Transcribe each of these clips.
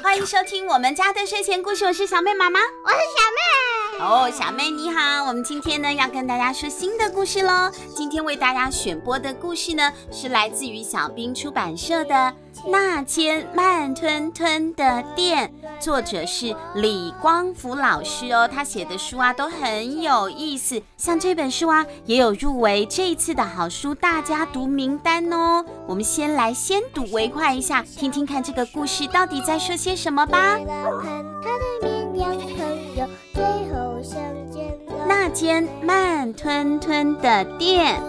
歡迎收聽我們家的睡前故事，我是小妹媽媽，我是小妹。哦，oh, 小妹你好，我們今天呢要跟大家說新的故事嘍。今天為大家選播的故事呢是來自於小兵出版社的那間慢吞吞的店。作者是李光福老師哦，他寫的書啊都很有意思，像這本書啊也有入圍這一次的好書大家讀名單哦。我們先來先睹為快一下，聽聽看這個故事到底在說些什麼吧。的那間慢吞吞的店。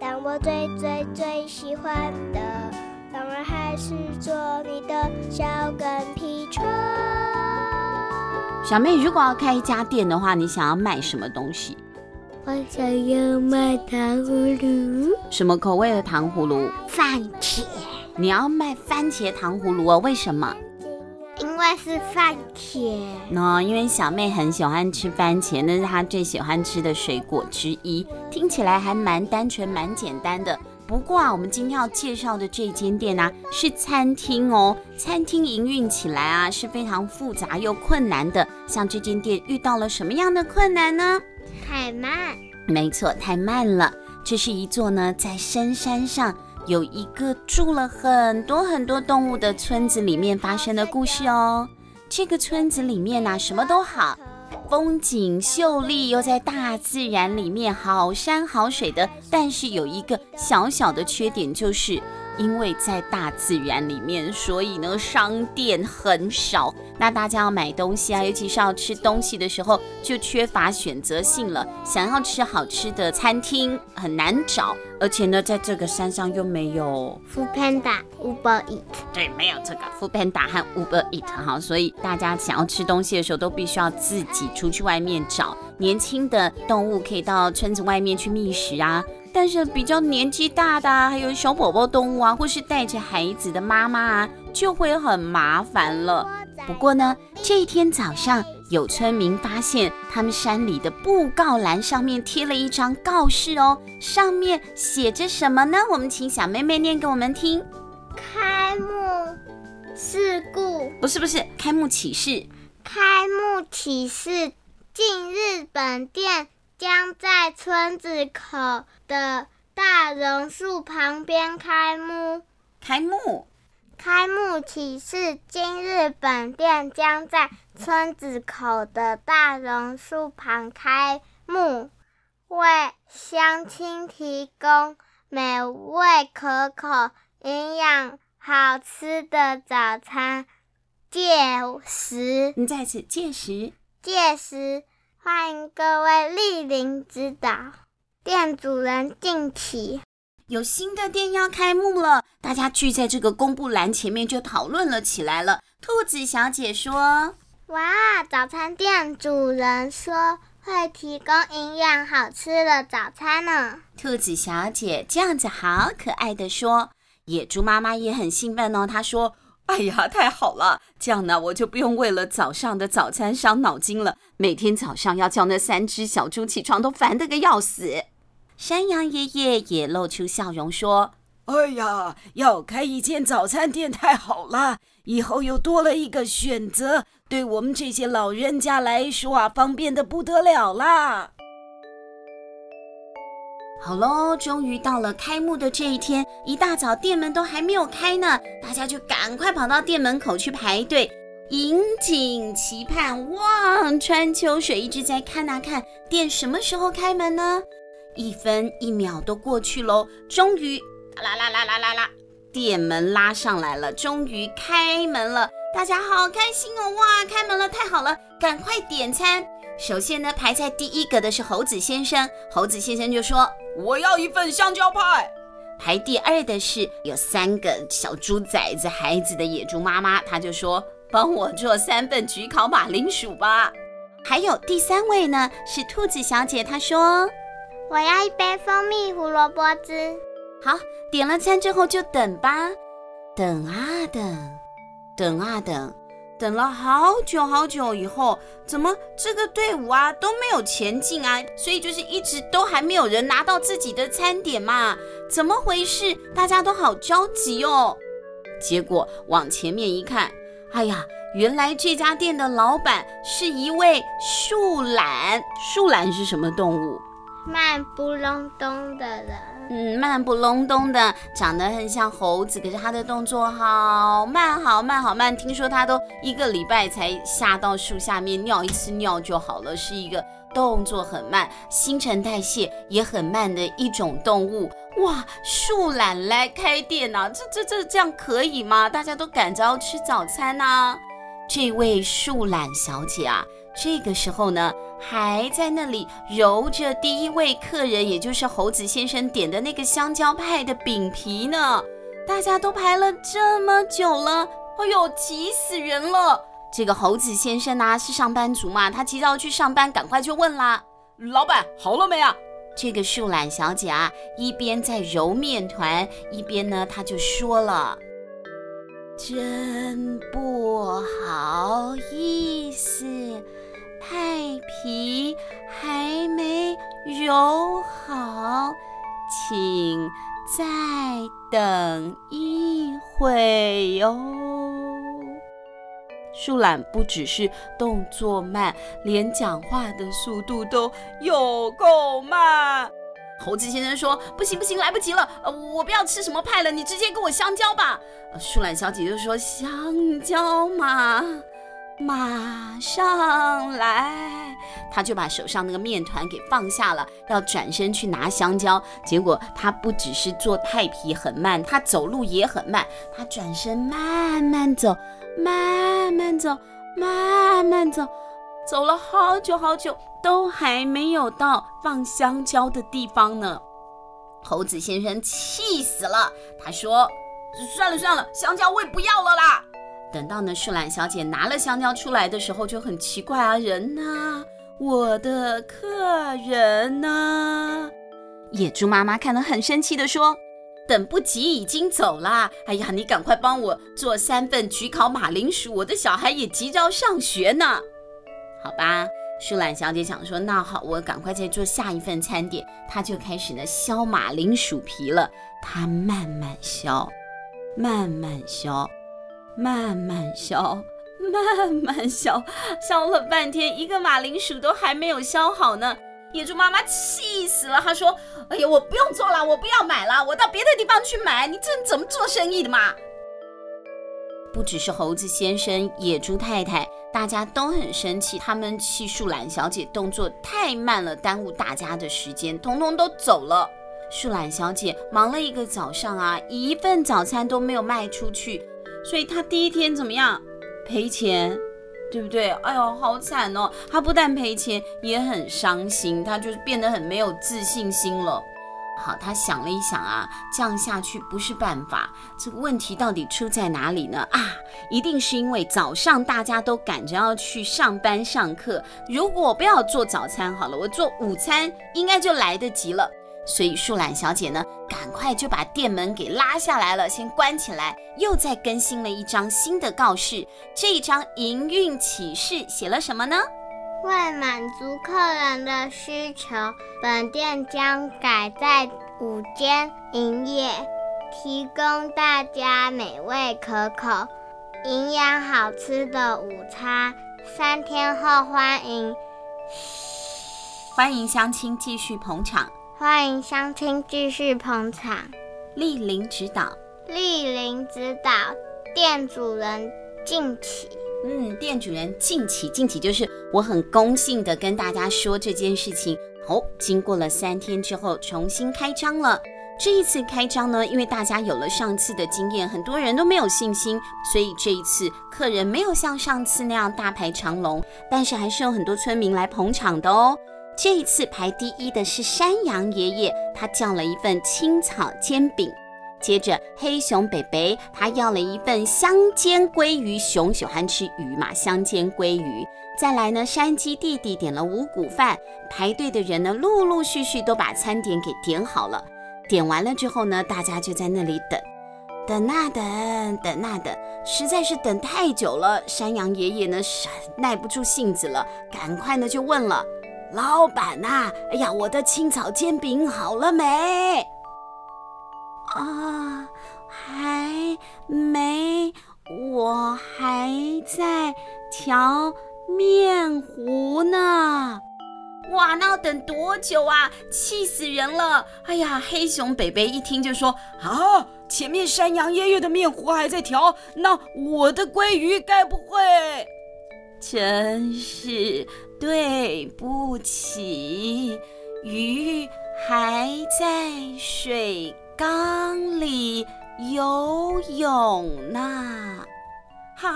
但我最最最喜歡的，當然還是做你的小跟屁蟲。小妹，如果要開一家店的話，你想要賣什麼東西？我想要賣糖葫蘆。什麼口味的糖葫蘆？番茄吃。你要賣番茄糖葫蘆啊、哦，為什麼？因為是番茄，那、no, 因為小妹很喜歡吃番茄，那是她最喜歡吃的水果之一。聽起來還蠻單純、蠻簡單的。不過啊，我們今天要介紹的這間店呢、啊，是餐廳哦。餐廳營運起來啊，是非常複雜又困難的。像這間店遇到了什麼樣的困難呢？太慢。沒錯，太慢了。這是一座呢，在深山上。有一個住了很多很多動物的村子裡面發生的故事哦。這個村子裡面啊，什麼都好，風景秀麗，又在大自然裡面，好山好水的。但是有一個小小的缺點，就是因為在大自然裡面，所以呢，商店很少。那大家要買東西啊，尤其是要吃東西的時候，就缺乏選擇性了。想要吃好吃的，餐廳很難找。而且呢，在這個山上又沒有，foodpanda，Uber Eat。對，沒有這個 foodpanda 和 Uber Eat 哈，所以大家想要吃東西的時候，都必須要自己出去外面找。年輕的動物可以到村子外面去覓食啊，但是比較年紀大的啊，還有小寶寶動物啊，或是帶着孩子的媽媽啊，就會很麻煩了。不過呢，這一天早上，有村民發現，他們山裡的布告欄上面貼了一張告示哦，上面寫着什麼呢？我們請小妹妹念給我們聽。開幕事故。不是不是，開幕啟事。開幕啟事。近日本店將在村子口的大榕樹旁邊開幕。開幕。開幕啟事，今日本店將在村子口的大榕樹旁開幕，為鄉親提供美味可口、營養好吃的早餐。屆時，你在此，屆時，屆時歡迎各位莅臨指導。店主人敬啟。有新的店要開幕了，大家聚在這個公布欄前面就討論了起來了。兔子小姐說：“哇，早餐店主人說會提供營養好吃的早餐呢。”兔子小姐這樣子好可愛的說。野豬媽媽也很興奮哦，她說：“哎呀，太好了，這樣呢我就不用為了早上的早餐傷腦筋了，每天早上要叫那三隻小豬起床都煩得個要死。”山羊爺爺也露出笑容說：“哎呀，要開一間早餐店太好了，以後又多了一個選擇，對我們這些老人家來說啊，方便得不得了啦！”好嘍，終於到了開幕的這一天，一大早店門都還沒有開呢，大家就趕快跑到店門口去排隊，引頸期盼，望穿秋水，一直在看啊看，店什麼時候開門呢？一分一秒都過去嘍，終於啦啦啦啦啦啦，店門拉上來了，終於開門了，大家好開心哦！哇，開門了，太好了，趕快點餐。首先呢，排在第一個的是猴子先生，猴子先生就說，我要一份香蕉派。排第二的是有三個小豬崽子孩子的野豬媽媽，她就說，幫我做三份焗烤馬鈴薯吧。還有第三位呢是兔子小姐，她說，我要一杯蜂蜜胡蘿蔔汁。好，點了餐之後就等吧。等啊等，等啊等，等了好久好久以後，怎麼這個隊伍啊都沒有前進啊？所以就是一直都還沒有人拿到自己的餐點嘛？怎麼回事？大家都好着急哦。結果往前面一看，哎呀，原來這家店的老闆是一位樹懶。樹懶是什麼動物？慢不隆咚的人，嗯，慢不隆咚的，長得很像猴子，可是他的動作好慢好慢好慢，好慢。聽說他都一個禮拜才下到樹下面尿一次尿就好了，是一個動作很慢、新陳代謝也很慢的一種動物。哇，樹懶來開店啊？這、這、這這樣可以嗎？大家都趕着要吃早餐啊，這位樹懶小姐啊。這個時候呢，還在那裡揉着第一位客人，也就是猴子先生點的那個香蕉派的餅皮呢。大家都排了這麼久了，哎喲，急死人了！這個猴子先生呢、啊，是上班族嘛，他急着要去上班，趕快就問啦：“老板，好了沒啊？”這個樹懶小姐啊，一邊在揉面團，一邊呢，她就說了：“真不好意思。”派皮還沒揉好，請再等一會哦。樹懶不只是動作慢，連講話的速度都有夠慢。猴子先生說：“不行不行，來不及了，我不要吃什麼派了，你直接給我香蕉吧。”樹懶小姐就說：“香蕉嘛。”馬上來！他就把手上那個麵團給放下了，要轉身去拿香蕉。結果他不只是做太皮很慢，他走路也很慢。他轉身慢慢走，慢慢走，慢慢走，走了好久好久，都還沒有到放香蕉的地方呢。猴子先生氣死了，他說：“算了算了，香蕉我也不要了啦。”等到呢，樹懶小姐拿了香蕉出來的時候就很奇怪啊，人呢、啊？我的客人呢、啊？野豬媽媽看了很生氣地說：“等不及，已經走了。哎呀，你趕快幫我做三份焗烤馬鈴薯，我的小孩也急着上學呢。”好吧，樹懶小姐想說：“那好，我趕快再做下一份餐點。”她就開始呢削馬鈴薯皮了，她慢慢削，慢慢削。慢慢削，慢慢削，削了半天，一個馬鈴薯都還沒有削好呢。野豬媽媽氣死了，她說：“哎呀，我不用做了，我不要買了，我到別的地方去買。你這怎麼做生意的嘛？”不只是猴子先生、野豬太太，大家都很生氣，他們氣樹懶小姐動作太慢了，耽誤大家的時間，通通都走了。樹懶小姐忙了一個早上啊，一份早餐都沒有賣出去。所以他第一天怎麼樣？賠錢，對不對？哎呦，好慘哦！他不但賠錢，也很傷心，他就是變得很沒有自信心了。好，他想了一想啊，這樣下去不是辦法。這個問題到底出在哪裡呢？啊，一定是因為早上大家都趕着要去上班上課。如果我不要做早餐好了，我做午餐應該就來得及了。所以樹懶小姐呢，趕快就把店門給拉下來了，先關起來，又再更新了一張新的告示。這一張營運啟事寫了什麼呢？為滿足客人的需求，本店將改在午間營業，提供大家美味可口、營養好吃的午餐。三天後歡迎，歡迎鄉親繼續捧場，歡迎鄉親繼續捧場，蒞臨指導，蒞臨指導。店主人敬啟。嗯，店主人敬啟，敬啟就是我很恭敬的跟大家說這件事情。好、哦，經過了三天之後，重新開張了。這一次開張呢，因為大家有了上次的經驗，很多人都沒有信心，所以這一次客人沒有像上次那樣大排長龍，但是還是有很多村民來捧場的哦。這一次排第一的是山羊爺爺，他叫了一份青草煎餅。接着黑熊伯伯，他要了一份香煎鮭魚，熊喜歡吃魚嘛，香煎鮭魚。再來呢，山雞弟弟點了五穀飯。排隊的人呢，陸陸續續都把餐點給點好了。點完了之後呢，大家就在那裡等等吶、啊、等等吶、啊、等，實在是等太久了。山羊爺爺呢，是，耐不住性子了，趕快呢就問了。老闆吶、啊，哎呀，我的青草煎餅好了沒？啊，還沒，我還在調麵糊呢。哇，那要等多久啊？氣死人了！哎呀，黑熊北北一聽就說啊，前面山羊爺爺的麵糊還在調，那我的鮭魚該不會？真是。對不起，魚還在水缸裡游泳呢。哈，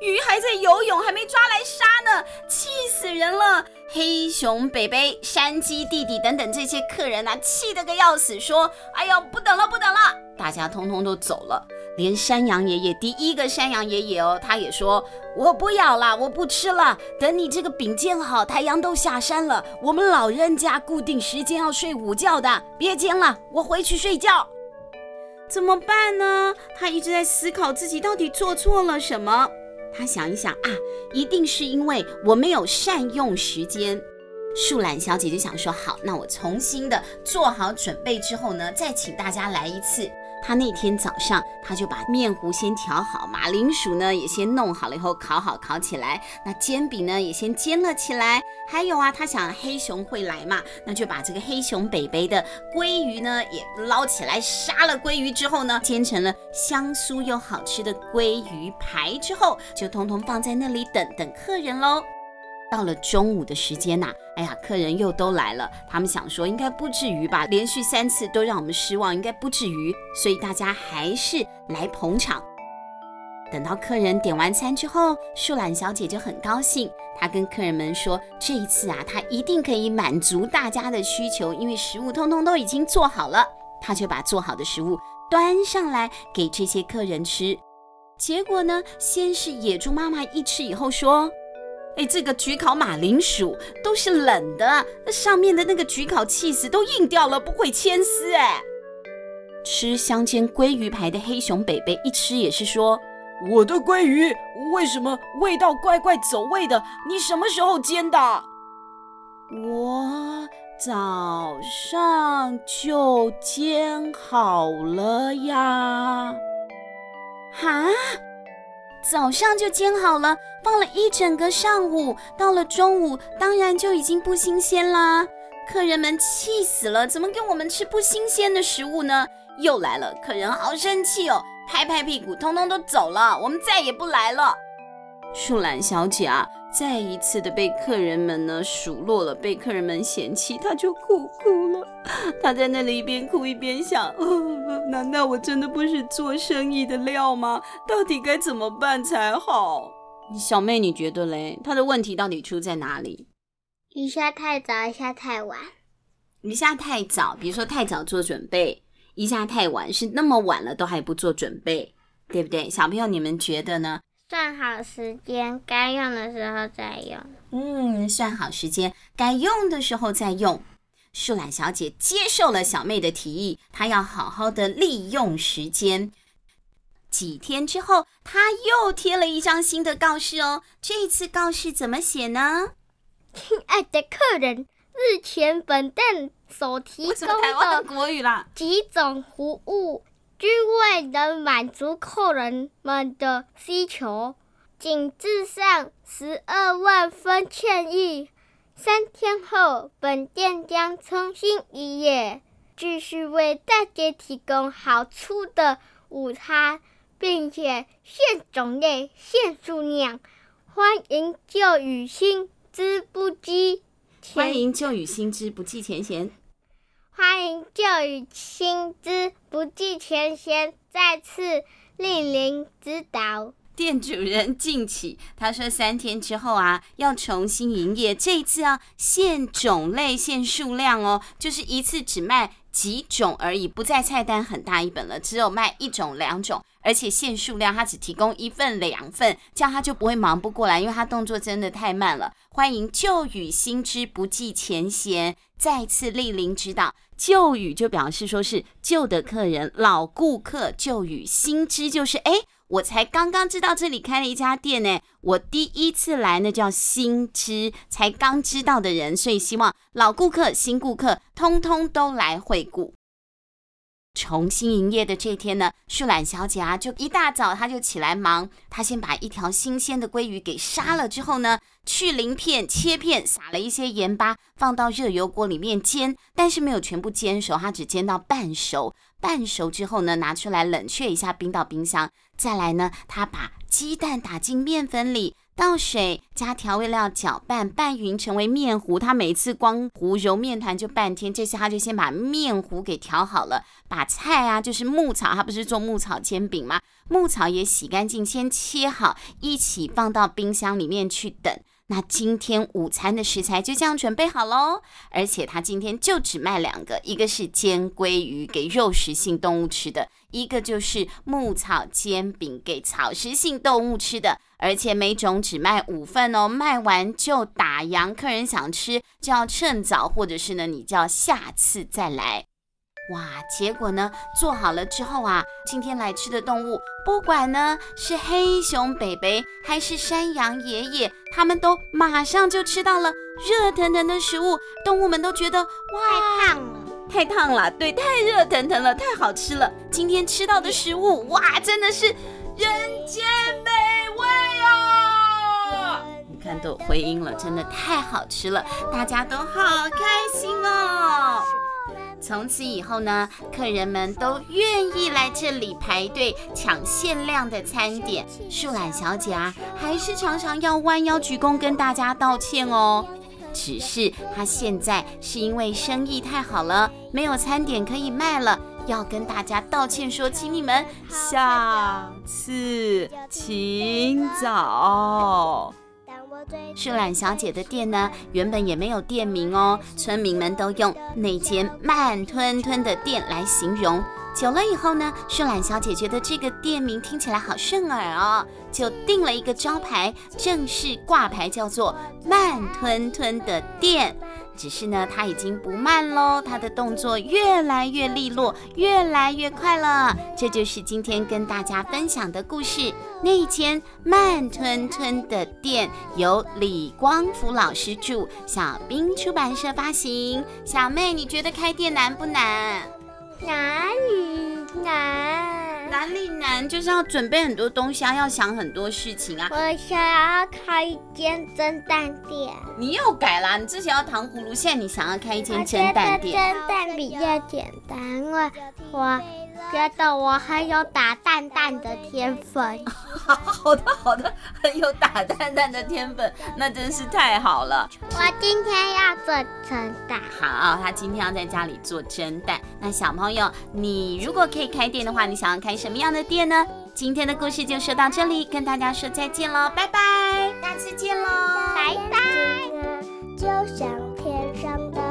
魚還在游泳，還沒抓來殺呢，氣死人了！黑熊北北、山雞弟弟等等這些客人啊，氣得個要死，說：“哎呦，不等了，不等了！”大家通通都走了。連山羊爺爺，第一個山羊爺爺哦，他也說：“我不咬了，我不吃了。等你這個餅煎好，太陽都下山了，我們老人家固定時間要睡午覺的，別煎了，我回去睡覺。怎麼辦呢？他一直在思考自己到底做錯了什麼。他想一想啊，一定是因為我沒有善用時間。樹懶小姐就想說：好，那我重新的做好準備之後呢，再請大家來一次。”他那天早上，他就把面糊先調好，馬鈴薯呢也先弄好了，以後烤好烤起來。那煎餅呢也先煎了起來。還有啊，他想黑熊會來嘛，那就把這個黑熊北北的鮭魚呢也撈起來，殺了鮭魚之後呢，煎成了香酥又好吃的鮭魚排，之後就通通放在那裡，等等客人嘍。到了中午的時間吶、啊，哎呀，客人又都來了。他們想說，應該不至於吧？連續三次都讓我們失望，應該不至於。所以大家還是來捧場。等到客人點完餐之後，樹懶小姐就很高興，她跟客人們說：“這一次啊，她一定可以滿足大家的需求，因為食物通通都已經做好了。”她就把做好的食物端上來給這些客人吃。結果呢，先是野豬媽媽一吃以後說。哎，這個焗烤馬鈴薯都是冷的，那上面的那個焗烤起司都硬掉了，不會牽絲，哎。吃香煎鮭魚排的黑熊北北一吃也是說，我的鮭魚為什麼味道怪怪走味的？你什麼時候煎的？我早上就煎好了呀。哈！早上就煎好了，放了一整個上午，到了中午當然就已經不新鮮啦。客人們氣死了，怎麼給我們吃不新鮮的食物呢？又來了，客人好生氣哦，拍拍屁股，通通都走了，我們再也不來了。樹懶小姐啊。再一次的被客人們呢數落了，被客人們嫌棄，他就哭哭了。他在那裡一邊哭一邊想，呃，難道我真的不是做生意的料嗎？到底該怎麼辦才好？小妹，你覺得嘞？他的問題到底出在哪裡？一下太早，一下太晚。一下太早，比如說太早做準備，一下太晚，是那麼晚了都還不做準備，對不對？小朋友，你們覺得呢？算好時間，該用的時候再用。嗯，算好時間，該用的時候再用。樹懶小姐接受了小妹的提議，她要好好的利用時間。幾天之後，她又貼了一張新的告示哦。這次告示怎麼寫呢？親愛的客人，日前本店所提供的幾種服務，均未能滿足客人們的需求，謹致上十二萬分歉意。三天後，本店將重新營業，繼續為大家提供好吃的午餐，並且限種類、限數量，歡迎舊雨新知不計。歡迎舊雨新知不計前嫌。歡迎舊雨新知不計前嫌，再次蒞臨指導。店主人敬啟。他說三天之後啊，要重新營業。這一次啊，限種類、限數量哦,就是一次只賣幾種而已,不在菜單很大一本了,只有賣一種、兩種,而且限數量,他只提供一份、兩份,這樣他就不會忙不過來,因為他動作真的太慢了。歡迎舊雨新知不計前嫌,再次莅臨指導。舊雨就表示說是舊的客人、老顧客；舊雨新知就是誒，我才剛剛知道這裡開了一家店呢，我第一次來呢，那叫新知，才剛知道的人。所以希望老顧客、新顧客通通都來惠顧。重新營業的這天呢，樹懶小姐啊，就一大早她就起來忙，她先把一條新鮮的鮭魚給殺了之後呢。去鱗片，切片，撒了一些鹽巴，放到熱油鍋裡面煎，但是沒有全部煎熟，它只煎到半熟。半熟之後呢，拿出來冷卻一下，冰到冰箱。再來呢，他把雞蛋打進麵粉裡，倒水，加調味料，攪拌拌勻，成為麵糊。他每次光糊揉麵團就半天，這次他就先把麵糊給調好了，把菜啊，就是牧草，他不是做牧草煎餅嗎？牧草也洗乾淨，先切好，一起放到冰箱裡面去等。那今天午餐的食材就這樣準備好嘍，而且她今天就只賣兩個，一個是煎鮭魚給肉食性動物吃的，一個就是牧草煎餅給草食性動物吃的，而且每種只賣五份哦，賣完就打烊，客人想吃就要趁早，或者是呢，你就要下次再來。哇，結果呢？做好了之後啊，今天來吃的動物，不管呢是黑熊北北還是山羊爺爺，他們都馬上就吃到了熱騰騰的食物。動物們都覺得，哇，太燙了，太燙了，對，太熱騰騰了，太好吃了。今天吃到的食物，哇，真的是人間美味哦！你看都回應了，真的太好吃了，大家都好開心哦。從此以後呢，客人們都願意來這裡排隊搶限量的餐點。樹懶小姐啊，還是常常要彎腰鞠躬跟大家道歉哦。只是她現在是因為生意太好了，沒有餐點可以賣了，要跟大家道歉說，請你們下次請早。樹懶小姐的店呢，原本也沒有店名哦，村民們都用那間慢吞吞的店來形容。久了以後呢，樹懶小姐覺得這個店名聽起來好順耳哦，就定了一個招牌，正式掛牌叫做“慢吞吞的店”。只是呢，他已經不慢嘍，他的動作越來越利落，越來越快了。這就是今天跟大家分享的故事。那一間慢吞吞的店，由李光福老師著，小兵出版社發行。小妹，你覺得開店難不難？難，難。哪裡難就是要準備很多東西啊，要想很多事情啊。我想要開一間蒸蛋店。你又改啦啊？你之前要糖葫蘆，現在你想要開一間蒸蛋店。我覺得蒸蛋比較簡單，我。覺得我很有打蛋蛋的天分， 好的好的，很有打蛋蛋的天分，那真是太好了。我今天要做蒸蛋，好，他今天要在家裡做蒸蛋。那小朋友，你如果可以開店的話，你想要開什麼樣的店呢？今天的故事就說到這裡，跟大家說再見嘍，拜拜，下次見嘍，拜拜。就像天上的。